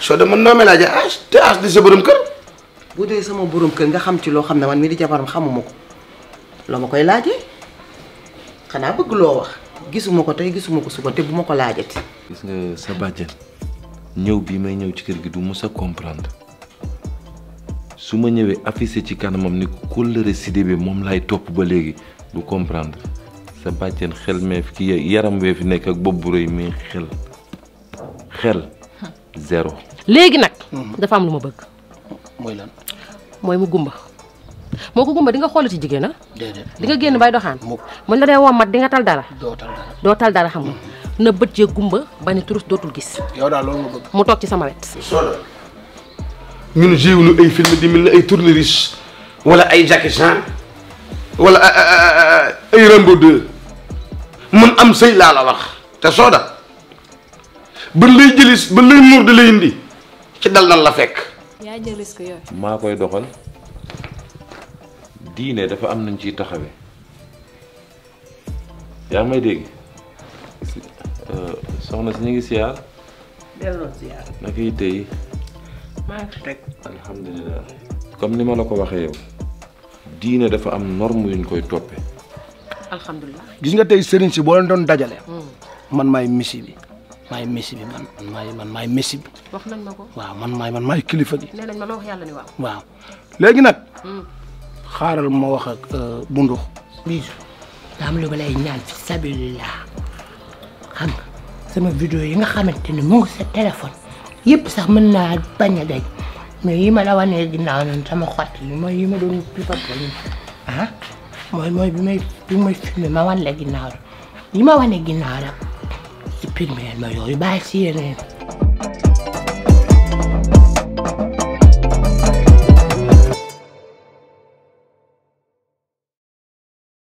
soo de man noo ma laajee ah te ah di sa borom kër. bu dee sama borom kër nga xam ci loo xam ne man mi di jabaram xamuma ko loo ma koy laajee xanaa bëgg loo wax gisuma ko tey gisuma ko suba te bu ma ko laajati. gis nga sa bàjjen ñëw bii may ñëw ci kër gi du mës a comprendre su ma ñëwee affiché ci kanamam ni kóllëre sidé bi moom laay topp ba léegi du comprendre sa bàjjen xel meef ki yaram wee fi nekk ak bopp bu rëy mais xel xel. zéro. léegi nag. Mhm. dafa am lu ma bëgg. mooy lan. mooy mu gumba moo ko gumba di nga xoolati jigéen ah. déedéet di nga génn bay doxaan. mën la dee wommat di nga tal dara. doo tal dara dara xam nga. Mhm. na bët yee gumba ba ne turus dootul gis. yow daal loolu bëgg. mu toog ci sama wet. ñun jiwuñu ay film di mel ni ay tourne riche wala ay Jackie Chan wala ah, ah, ah, ay Rambo mun am sëy laa la wax te sooda ba lay jëlis ba lay muur di lay indi ci dal nan la fekk. yaa jël risque yooyu. maa koy doxal diine dafa am nañ ciy taxawee yaa may dégg euh, soxna si ñu ngi siyaar. delloo siyaar. naka yi tey. maa ngi teg. alhamdulilah comme ni ma la ko waxee yow diine dafa am norme yuñ koy toppee. alhamdulilah. gis nga tey sëriñ si boo leen doon dajale. Hmm. man maay misi bi. maay messi bi man man maay man ma ko waaw man maay man maay kilifa gi. nee nañ ma la wax yàlla ni waaw. waaw léegi nag. Hmm. xaaral ma wax ak euh, Bundux. bisu daa am lu ma lay ñaan fi sabilillah xam nga sama vidéo yi nga xamante ni mu ngi sa téléphone yëpp sax mën naa bañ a daj mais yi ma la wanee ginnaaw noonu sama xott yi mooy yi ma doon pipat yi ah mooy mooy bi may bi ma wan la ginnaaw la ma wane ginnaaw la. Pigman, mọi You Bye, see you